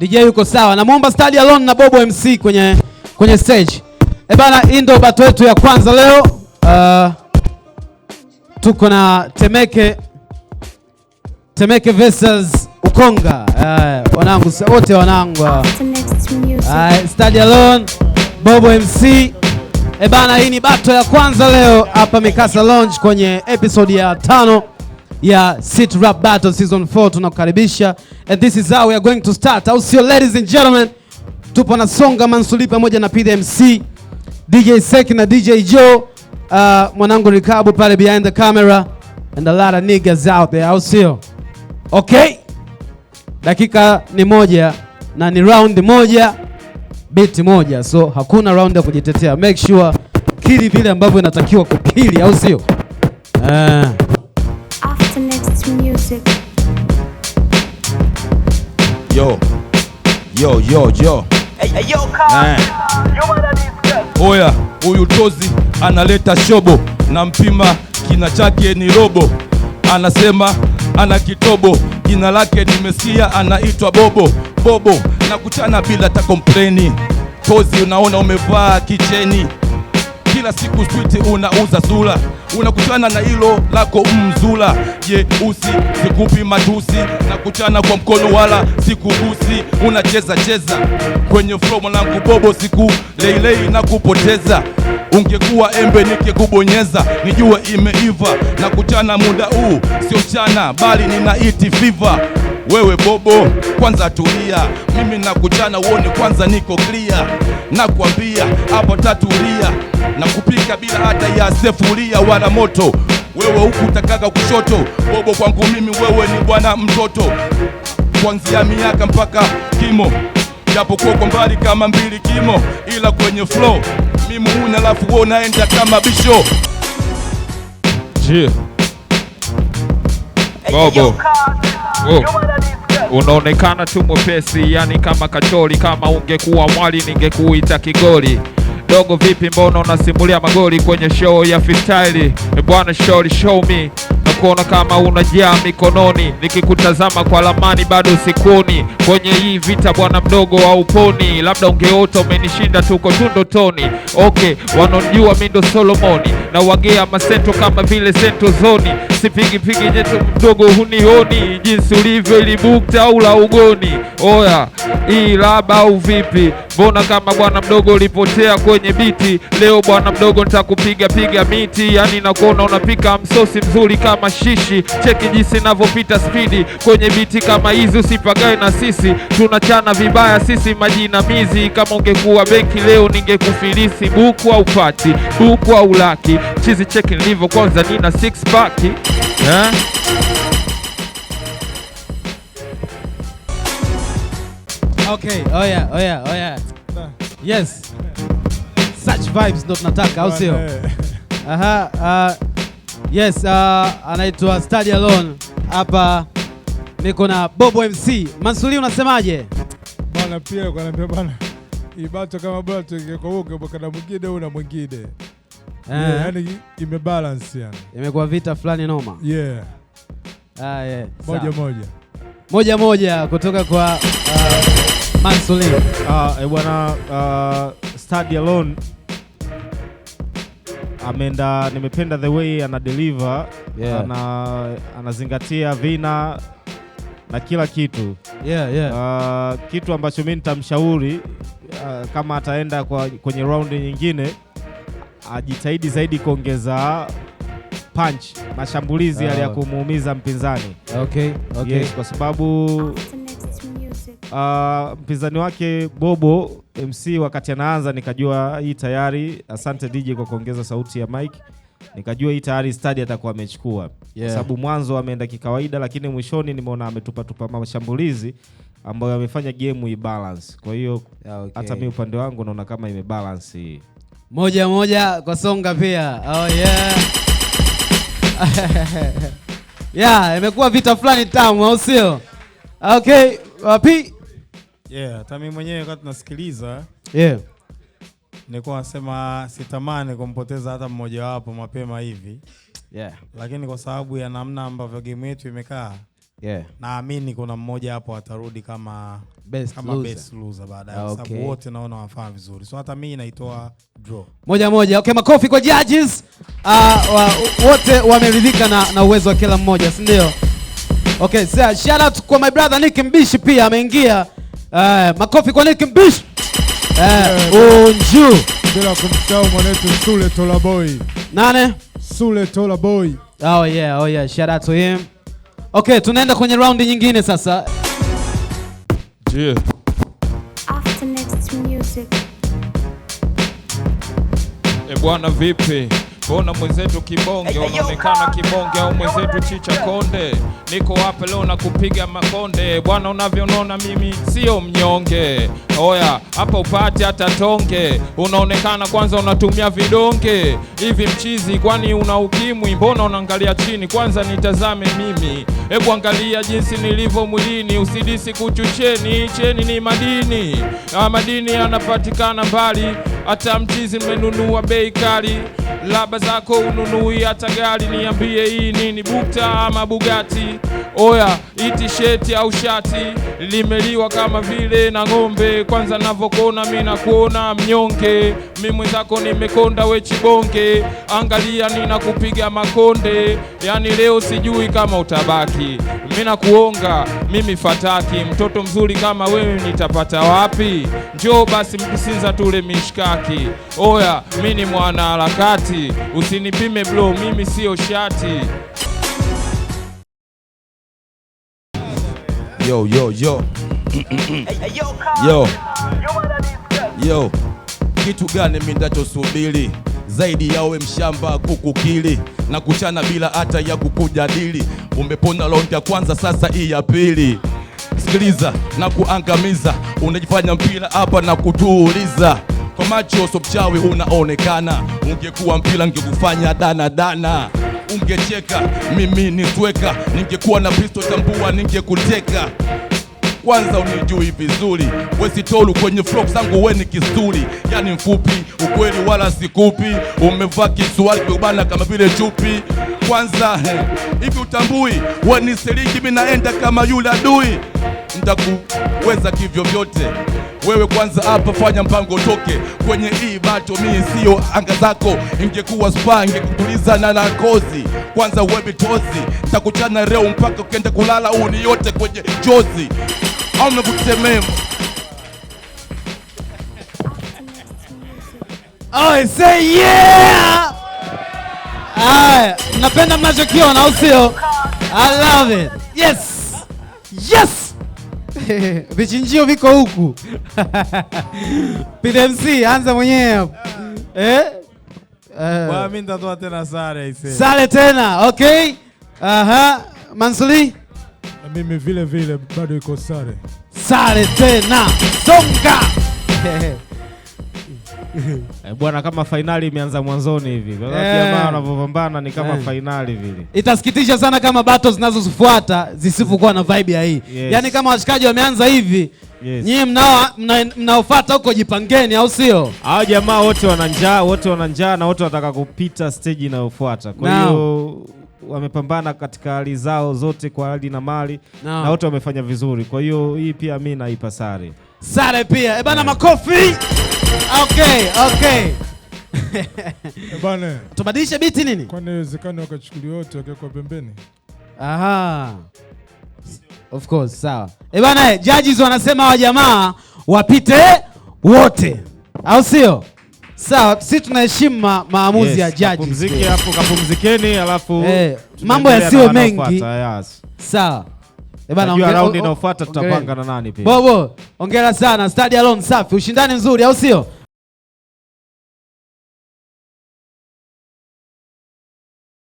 DJ yuko sawa. Namuomba Study Alone na Bobo MC kwenye kwenye stage. Eh, bana hii ndio battle yetu ya kwanza leo. Uh, tuko na Temeke Temeke versus Ukonga. Uh, wanangu wote wanangu. Uh, Study Alone, Bobo MC. Eh, bana hii ni battle ya kwanza leo hapa Mikasa Lounge kwenye episode ya tano ya City Rap Battle season 4 tunakukaribisha, and this is how we are going to start, au sio ladies and gentlemen? Tupo na Songa Mansuri pamoja na PDMC DJ Sek na DJ Joe, uh, mwanangu Rikabu pale behind the camera and a lot of niggas out there, au sio? Okay, dakika ni moja na ni round moja beti moja, so hakuna round ya kujitetea. Make sure kili vile ambavyo inatakiwa kukili, au sio? Uh after next music. Yo, yo, yo, yo. Hey, yo, Oya, huyu tozi analeta shobo, na mpima kina chake ni robo, anasema ana kitobo, jina lake nimesikia, anaitwa Bobo Bobo, na kuchana bila ta kompleni. Tozi unaona umevaa kicheni kila siku switi unauza zula, unakutana na hilo lako mzula jeusi, sikupi matusi na kuchana kwa mkono wala sikugusi, unacheza cheza kwenye flow mwanangu bobo, siku leilei na kupoteza Ungekuwa embe nikikubonyeza, nijue imeiva na kuchana. Muda huu sio chana, bali nina iti fiva wewe bobo, kwanza tulia, mimi nakujana uone kwanza niko clear. Nakwambia hapo tatulia, nakupika bila hata ya sefuria wala moto. Wewe huku utakaga kushoto, bobo kwangu mimi wewe ni bwana mtoto, kwanzia miaka mpaka kimo, japokuwa kwa mbali kama mbili kimo, ila kwenye flow mimi huna, alafu wewe unaenda kama bisho Je, bobo oh. Unaonekana tu mwepesi, yani kama kachori. Kama ungekuwa mwali ningekuita kigoli. Dogo vipi, mbona unasimulia magoli kwenye show ya freestyle? Bwana shori, show me kuona kama unajaa mikononi, nikikutazama kwa lamani bado sikuoni kwenye hii vita, bwana mdogo wa uponi, labda ungeota umenishinda, tuko tundotoni. Okay, wanonjua mindo Solomoni na wagea masento kama vile sento zoni, sipigipigi nyeto mdogo hunioni, jinsi ulivyo ilibukta au la ugoni. Oya, hii laba au vipi? Mbona kama bwana mdogo ulipotea kwenye biti? Leo bwana mdogo nitakupiga piga miti, yani nakuona unapika msosi mzuri kama shishi. Cheki jinsi navyopita spidi kwenye biti kama hizi, usipagae na sisi tunachana vibaya sisi mizi Kama ungekuwa benki leo ningekufilisi buku au pati buku au laki chizi. Cheki nilivyo kwanza, nina six pack eh? Okay, oh oh yeah yeah oh yeah Yes. Such vibes ndo tunataka au sio? Aha, uh, yes, uh, anaitwa Study Alone. Hapa niko na Bobo MC. Mansuri unasemaje? bana pia kanaambia bana ibato kama bora tukikokana mwingine au na mwingine. Eh, yeah, yani imebalance yani. Imekuwa vita fulani noma. Yeah. Ah, yeah. Moja moja. Moja moja kutoka kwa uh, Uh, I wanna uh, Study Alone ameenda, nimependa the way ana deliver yeah. Ana, anazingatia vina na kila kitu yeah, yeah. Uh, kitu ambacho mi nitamshauri uh, kama ataenda kwa, kwenye raundi nyingine ajitahidi zaidi kuongeza punch mashambulizi yale oh, ya ah. kumuumiza mpinzani okay, okay. Yes, kwa sababu Ah, mpinzani uh, wake Bobo MC wakati anaanza nikajua hii tayari. Asante DJ kwa kuongeza sauti ya mic, nikajua hii tayari stadi atakuwa amechukua yeah. Sababu mwanzo ameenda kikawaida, lakini mwishoni nimeona ametupatupa mashambulizi ambayo amefanya game ibalance. Kwa hiyo ah, hata okay. mimi upande wangu naona kama imebalance hii moja moja kwa songa pia. Oh, yeah. yeah, imekuwa vita fulani tamu au sio? Okay, wapi? Yeah, hata mimi mwenyewe wakati tunasikiliza yeah. Nilikuwa nasema sitamani kumpoteza hata mmojawapo mapema hivi yeah. Lakini kwa sababu ya namna ambavyo game yetu imekaa yeah. Naamini kuna mmoja hapo atarudi kama best kama loser, best loser baadaye okay. Sababu wote naona wanafanya vizuri, so hata mimi naitoa draw moja moja. Okay, makofi kwa judges uh, wa, wote wameridhika na, na uwezo wa kila mmoja, si ndio? Okay, so shout out kwa my brother Nick Mbishi pia ameingia Eh, makofi kwa Nick Mbishi. Eh, unju. Eh, Bila kumsahau mwanetu Sule Tola Boy. Nane? Sule Tola Boy. Oh yeah, oh yeah. Shout out to him. Okay, tunaenda kwenye raundi nyingine sasa. Yeah. After next music. Eh, bwana vipi? mbona mwenzetu kibonge unaonekana kibonge au mwenzetu chicha konde? Niko hapa leo na kupiga makonde bwana, unavyonona mimi sio mnyonge. Oya hapa upate hata tonge, unaonekana kwanza unatumia vidonge hivi. Mchizi kwani una ukimwi? Mbona unaangalia chini? Kwanza nitazame mimi, hebu angalia jinsi nilivyo mwilini. Usidisi kuchucheni, cheni ni madini. Ah, madini yanapatikana mbali, hata mchizi mmenunua bei kali laba zako ununui hata gari, niambie hii nini, bukta ama bugati? Oya, hii tisheti au shati limeliwa kama vile na ng'ombe. Kwanza navyokuona mi nakuona mnyonge, mi mwenzako nimekonda we chibonge, angalia ninakupiga makonde, yani leo sijui kama utabaki. Mi nakuonga mimi fataki, mtoto mzuri kama wewe nitapata wapi? Njoo basi mkisinza tule mishkaki. Oya, mi ni mwanaharakati shati, usinipime bro, mimi siyo shati. Yo, yo, yo. Yo. Yo. Kitu gani mindachosubiri zaidi yawe mshamba kukukili na kuchana bila hata ya kukujadili. Umepona raundi ya kwanza, sasa hii ya pili. Sikiliza na kuangamiza, unajifanya mpira hapa na kutuuliza kwa macho so mchawi unaonekana. Ungekuwa mpila ngekufanya danadana, ungecheka mimi nisweka Ningekuwa na pisto tambua, ningekuteka kwanza unijui vizuri, wesitolu kwenye flop zangu we ni kisturi, yani mfupi ukweli wala sikupi, umevaa kiswali kubana kama vile chupi. Kwanza hivi utambui we ni seriki, mi naenda kama yule adui, ntakuweza kivyovyote. Wewe kwanza hapa fanya mpango toke kwenye hii bato, mii sio anga zako. Ingekuwa spa ingekutuliza na na kozi kwanza webi tozi, takuchana reo mpaka kenda kulala, uni yote kwenye jozi au mnakusemea Oh, say yeah! Aya, napenda mnachokiona au sio? I love it. Yes. Yes. vichinjio viko huku PDMC, anza mwenyewe hapo eh? Uh, mimi nitatoa tena sare ise. Sare tena, okay. Aha, Mansuri. Mimi vile vile bado iko sare. Sare tena. Songa. E, bwana kama fainali imeanza mwanzoni hivi. Jamaa eh. wanavyopambana ni kama eh. fainali vile. Itasikitisha sana kama battles zinazofuata zisipokuwa na vibe ya hii. Yes. Yaani kama washikaji wameanza hivi Yes. Nyinyi mnaofuata huko jipangeni, au sio? Hao jamaa wote wana njaa, wote wana njaa na wote wanataka kupita stage inayofuata. Kwa hiyo wamepambana katika hali zao zote kwa hali na mali no. na wote wamefanya vizuri. Kwa hiyo hii pia mimi naipa sare. Sare pia. ebana bana, makofi. Okay, okay. Bana. Tubadilishe biti nini? Kwa nini uwezekano wakachukuliwa wote wakawekwa pembeni? Aha. Of course, sawa. Eh, bana, judges wanasema wa jamaa wapite wote. Au sio? Sawa, sisi tunaheshima maamuzi yes, ya judges. Kapumzike hapo, kapumzikeni alafu hey, eh, mambo yasiwe mengi. Sawa. Eh round inayofuata tutapanga na nani pia. Bobo, ongera sana. Stadium safi, ushindani mzuri au sio?